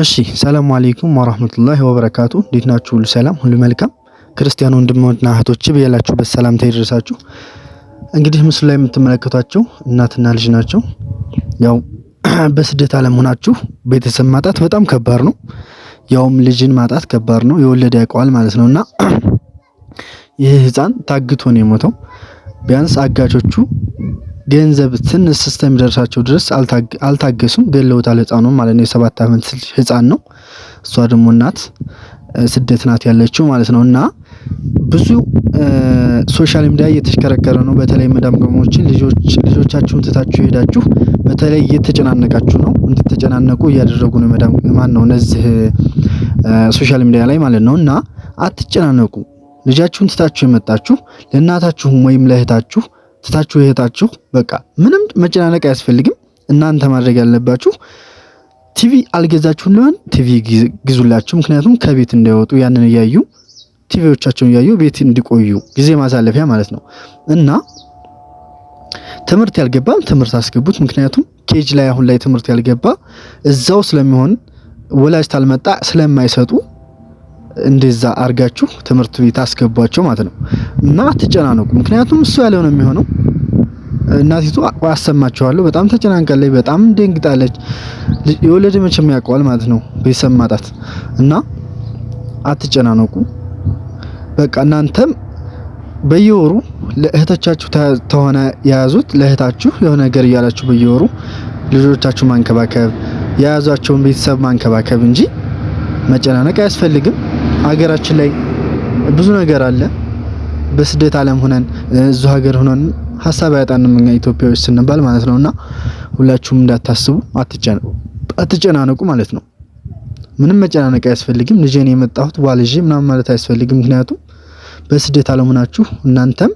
እሺ ሰላም አለይኩም ወራህመቱላሂ ወበረካቱ። እንዴት ናችሁ? ሁሉ ሰላም፣ ሁሉ መልካም። ክርስቲያን ወንድሞችና እህቶች በያላችሁበት ሰላምታ ይድረሳችሁ። እንግዲህ ምስሉ ላይ የምትመለከቷቸው እናትና ልጅ ናቸው። ያው በስደት ዓለም ሆናችሁ ቤተሰብ ማጣት በጣም ከባድ ነው። ያውም ልጅን ማጣት ከባድ ነው። የወለደ ያውቀዋል ማለት ነው። እና ይህ ህፃን ታግቶ ነው የሞተው። ቢያንስ አጋቾቹ ገንዘብ ትንሽ እስከሚደርሳቸው ድረስ አልታገሱም። ገለውታል። ህፃኑ ማለት ነው። የሰባት ዓመት ህፃን ነው። እሷ ደግሞ እናት ስደት ናት ያለችው ማለት ነው። እና ብዙ ሶሻል ሚዲያ እየተሽከረከረ ነው። በተለይ መዳም ቅመሞችን ልጆቻችሁን ትታችሁ ሄዳችሁ በተለይ እየተጨናነቃችሁ ነው፣ እንድትጨናነቁ እያደረጉ ነው። መዳም ማን ነው እነዚህ ሶሻል ሚዲያ ላይ ማለት ነው። እና አትጨናነቁ። ልጃችሁን ትታችሁ የመጣችሁ ለእናታችሁም ወይም ለእህታችሁ ትታችሁ እህታችሁ በቃ ምንም መጨናነቅ አያስፈልግም። እናንተ ማድረግ ያለባችሁ ቲቪ አልገዛችሁ እንደሆን ቲቪ ግዙላችሁ። ምክንያቱም ከቤት እንዳይወጡ ያንን እያዩ ቲቪዎቻቸውን እያዩ ቤት እንዲቆዩ ጊዜ ማሳለፊያ ማለት ነው። እና ትምህርት ያልገባም ትምህርት አስገቡት። ምክንያቱም ኬጅ ላይ አሁን ላይ ትምህርት ያልገባ እዛው ስለሚሆን ወላጅ ታልመጣ ስለማይሰጡ እንደዛ አርጋችሁ ትምህርት ቤት አስገቧቸው ማለት ነው። እና አትጨናነቁ፣ ምክንያቱም እሱ ያለው ነው የሚሆነው። እናቲቱ አሰማችኋለሁ። በጣም ተጨናንቃለች፣ በጣም ደንግጣለች። የወለደ መቼም ያውቀዋል ማለት ነው ቤተሰብ ማጣት እና አትጨናነቁ። በቃ እናንተም በየወሩ ለእህቶቻችሁ ተሆነ የያዙት ለእህታችሁ የሆነ ነገር እያላችሁ በየወሩ ልጆቻችሁ ማንከባከብ የያዟቸውን ቤተሰብ ማንከባከብ እንጂ መጨናነቅ አያስፈልግም። ሀገራችን ላይ ብዙ ነገር አለ። በስደት ዓለም ሆነን እዙ ሀገር ሆነን ሀሳብ አያጣንም እኛ ኢትዮጵያዎች ስንባል ማለት ነውና ሁላችሁም እንዳታስቡ አትጨናነቁ ማለት ነው። ምንም መጨናነቅ አያስፈልግም። ልጄን የመጣሁት ዋልዤ ምናምን ማለት አያስፈልግም። ምክንያቱም በስደት ዓለም ሆናችሁ እናንተም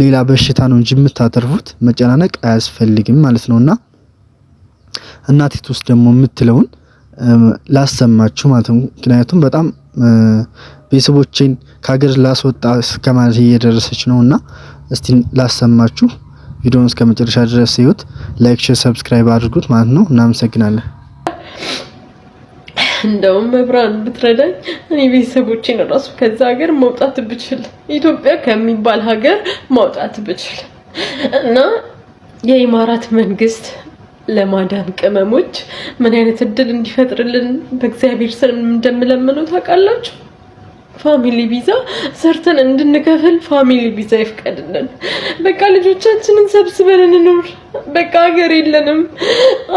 ሌላ በሽታ ነው እንጂ የምታተርፉት መጨናነቅ አያስፈልግም ማለት ነውና እናቴት ውስጥ ደግሞ የምትለውን ላሰማችሁ ማለት ነው። ምክንያቱም በጣም ቤተሰቦቼን ከሀገር ላስወጣ እስከማለት እየደረሰች ነው እና እስቲ ላሰማችሁ። ቪዲዮን እስከ መጨረሻ ድረስ ይዩት። ላይክ፣ ሼር፣ ሰብስክራይብ አድርጉት ማለት ነው። እናመሰግናለን። እንደውም መብራን ብትረዳኝ እኔ ቤተሰቦቼን እራሱ ከዛ ሀገር መውጣት ብችል ኢትዮጵያ ከሚባል ሀገር ማውጣት ብችል እና የኢማራት መንግስት ለማዳም ቅመሞች ምን አይነት እድል እንዲፈጥርልን በእግዚአብሔር ስር እንደምለምነው ታውቃላችሁ። ፋሚሊ ቪዛ ሰርተን እንድንከፍል ፋሚሊ ቪዛ ይፍቀድልን። በቃ ልጆቻችንን ሰብስበን እንኖር። በቃ ሀገር የለንም፣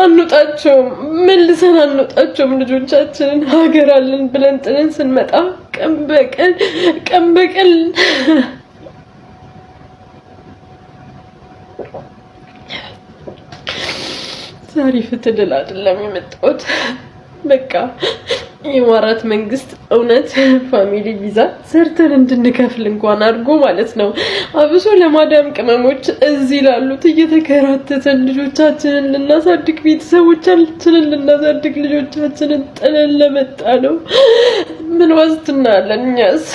አንውጣቸውም፣ መልሰን አንውጣቸውም። ልጆቻችንን ሀገር አለን ብለን ጥለን ስንመጣ ቀን በቀን ቀን በቀን ዛሬ ፍትልል አይደለም የመጣሁት። በቃ የማራት መንግስት እውነት ፋሚሊ ቪዛ ሰርተን እንድንከፍል እንኳን አድርጎ ማለት ነው። አብሶ ለማዳም ቅመሞች እዚህ ላሉት እየተከራተተን ልጆቻችንን ልናሳድግ ቤተሰቦቻችንን ልናሳድግ ልጆቻችንን ጥለን ለመጣ ነው ምን ዋስትና አለን? እኛስ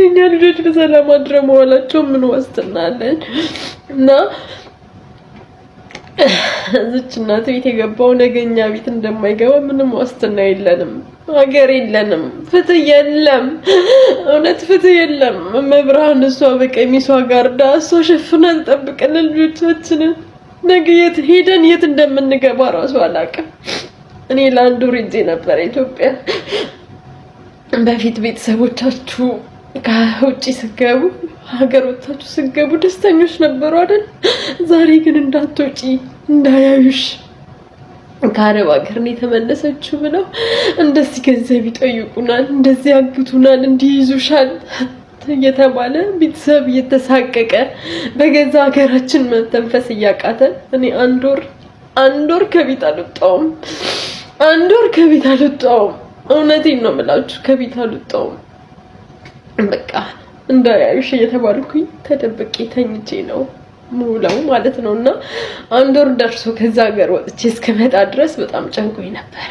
የእኛ ልጆች በሰላም አድረ መዋላቸው ምን ዋስትና አለን? እና እዚች እናት ቤት የገባው ነገኛ ቤት እንደማይገባ ምንም ዋስትና የለንም። ሀገር የለንም። ፍትህ የለም። እውነት ፍትህ የለም። መብርሃን እሷ በቀሚሷ ጋርዳ እሷ ሸፍና ትጠብቀን ልጆቻችንን። ነገ የት ሄደን የት እንደምንገባ ራሱ አላውቅም። እኔ ለአንድ ወር ሄጄ ነበር ኢትዮጵያ። በፊት ቤተሰቦቻችሁ ከውጭ ስገቡ ሀገር ወጥታችሁ ስገቡ ደስተኞች ነበሩ አይደል? ዛሬ ግን እንዳትወጪ እንዳያዩሽ ከአረብ ሀገር ነው የተመለሰችው ብለው እንደዚህ ገንዘብ ይጠይቁናል፣ እንደዚህ ያግቱናል፣ እንዲህ ይዙሻል እየተባለ ቤተሰብ እየተሳቀቀ በገዛ ሀገራችን መተንፈስ እያቃተን እኔ አንድ ወር አንድ ወር ከቤት አልወጣውም። አንድ ወር ከቤት እውነቴን ነው የምላችሁ ከቤት አልወጣውም በቃ እንዳያዩሽ እየተባልኩኝ ተደብቄ ተኝቼ ነው ሙላው ማለት ነው። እና አንድ ወር ደርሶ ከዛ ሀገር ወጥቼ እስከመጣ ድረስ በጣም ጨንቆኝ ነበረ።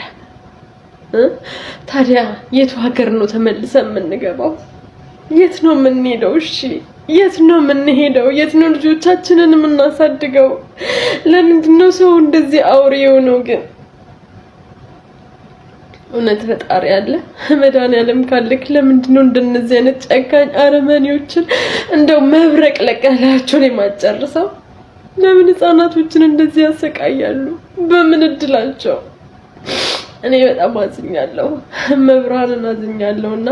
ታዲያ የቱ ሀገር ነው ተመልሰን የምንገባው? የት ነው የምንሄደው? እሺ የት ነው የምንሄደው? የት ነው ልጆቻችንን የምናሳድገው? ለምንድን ነው ሰው እንደዚህ አውሬው የሆነው ግን እውነት ፈጣሪ አለ። መድኃኒዓለም ካለክ ለምንድን ነው እንደነዚህ አይነት ጨካኝ አረመኔዎችን እንደው መብረቅ ለቀላቸውን የማጨርሰው? ለምን ህጻናቶችን እንደዚህ ያሰቃያሉ? በምን እድላቸው? እኔ በጣም አዝኛለሁ፣ መብርሃንን አዝኛለሁ እና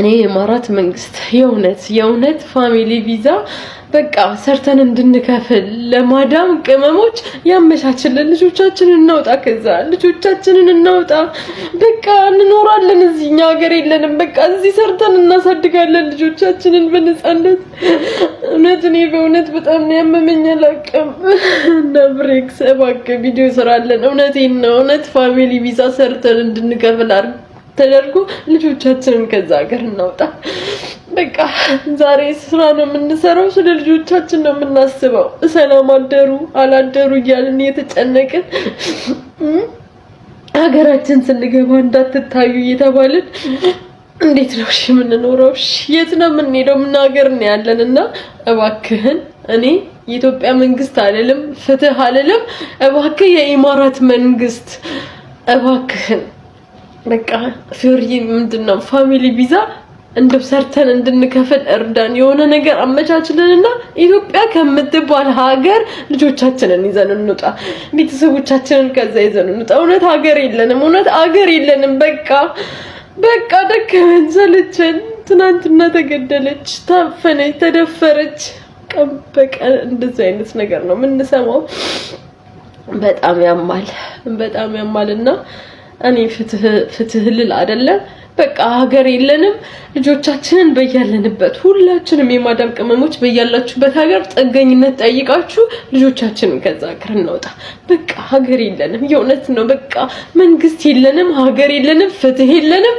እኔ የማራት መንግስት የእውነት የእውነት ፋሚሊ ቪዛ በቃ ሰርተን እንድንከፍል ለማዳም ቅመሞች ያመቻችልን። ልጆቻችንን እናውጣ፣ ከዛ ልጆቻችንን እናውጣ። በቃ እንኖራለን እዚህ፣ እኛ ሀገር የለንም። በቃ እዚህ ሰርተን እናሳድጋለን ልጆቻችንን በነፃነት። እውነት እኔ በእውነት በጣም ነው ያመመኝ፣ አላቅም እና ብሬክስ እባክህ ቪዲዮ ስራለን። እውነቴን ነው። እውነት ፋሚሊ ቪዛ ሰርተን እንድንከፍል አድርግ ተደርጎ ልጆቻችንን ከዛ ሀገር እናውጣ። በቃ ዛሬ ስራ ነው የምንሰራው፣ ስለ ልጆቻችን ነው የምናስበው። ሰላም አደሩ አላደሩ እያልን እየተጨነቅን ሀገራችን ስንገባ እንዳትታዩ እየተባልን እንዴት ነው እሺ የምንኖረው? እሺ የት ነው የምንሄደው? ምን ሀገር ነው ያለን? እና እባክህን እኔ የኢትዮጵያ መንግስት አልልም፣ ፍትህ አልልም፣ እባክህ የኢማራት መንግስት እባክህን በቃ ፊዮሪ ምንድን ነው ፋሚሊ ቪዛ እንደው ሰርተን እንድንከፍል እርዳን፣ የሆነ ነገር አመቻችልንና ኢትዮጵያ ከምትባል ሀገር ልጆቻችንን ይዘን እንውጣ፣ ቤተሰቦቻችንን ከዛ ይዘን እንውጣ። እውነት ሀገር የለንም፣ እውነት ሀገር የለንም። በቃ በቃ ደከመን፣ ሰለቸን። ትናንትና ተገደለች፣ ታፈነች፣ ተደፈረች። ቀን በቀን እንደዚህ አይነት ነገር ነው የምንሰማው። በጣም ያማል፣ በጣም ያማልና እኔ ፍትህ ልል አይደለም በቃ ሀገር የለንም። ልጆቻችንን በያለንበት ሁላችንም የማዳም ቅመሞች በያላችሁበት ሀገር ጥገኝነት ጠይቃችሁ ልጆቻችንን ከዛ ሀገር እንወጣ። በቃ ሀገር የለንም፣ የእውነት ነው። በቃ መንግስት የለንም፣ ሀገር የለንም፣ ፍትህ የለንም።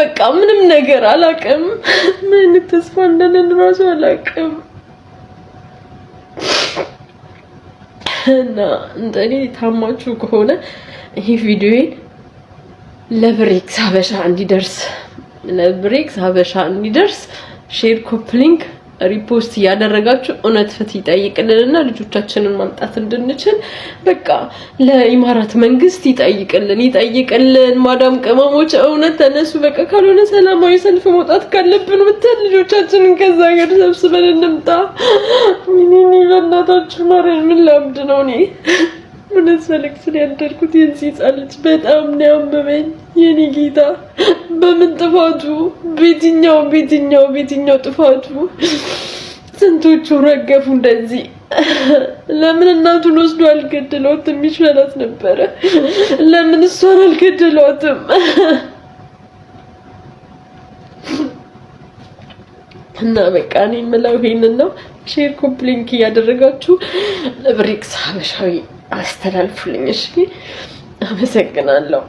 በቃ ምንም ነገር አላቅም። ምን ተስፋ እንዳለን ራሱ አላቅም። እና እንደኔ ታማችሁ ከሆነ ይህ ቪዲዮዬን ለብሬክስ ሀበሻ እንዲደርስ ለብሬክስ ሀበሻ እንዲደርስ ሼር ሊንክ፣ ሪፖስት እያደረጋችሁ እውነት ፍትህ ይጠይቅልንና ልጆቻችንን ማምጣት እንድንችል በቃ ለኢማራት መንግስት ይጠይቅልን ይጠይቅልን። ማዳም ቅመሞች እውነት ተነሱ። በቃ ካልሆነ ሰላማዊ ሰልፍ መውጣት ካለብን ብትል ልጆቻችንን ከዛ ሀገር ሰብስበን እንምጣ። ሚኒኒ በእናታችሁ ማርያም ምን ላብድ ነው እኔ እውነት ሳለቅስ ነው ያደርኩት። የዚህ ሕፃን በጣም ነው ያመመኝ። የኔ ጌታ በምን ጥፋቱ? ቤትኛው ቤትኛው ቤትኛው ጥፋቱ? ስንቶቹ ረገፉ እንደዚህ። ለምን እናቱን ወስዶ አልገደለዋትም? ይሻላት ነበረ። ለምን እሷን አልገደለዋትም? እና በቃ እኔ የምለው ይሄንን ነው። ሼር ኮፕሊንክ እያደረጋችሁ ብሪክስ ሀበሻዊ አስተላልፉልኝ። እሺ፣ አመሰግናለሁ።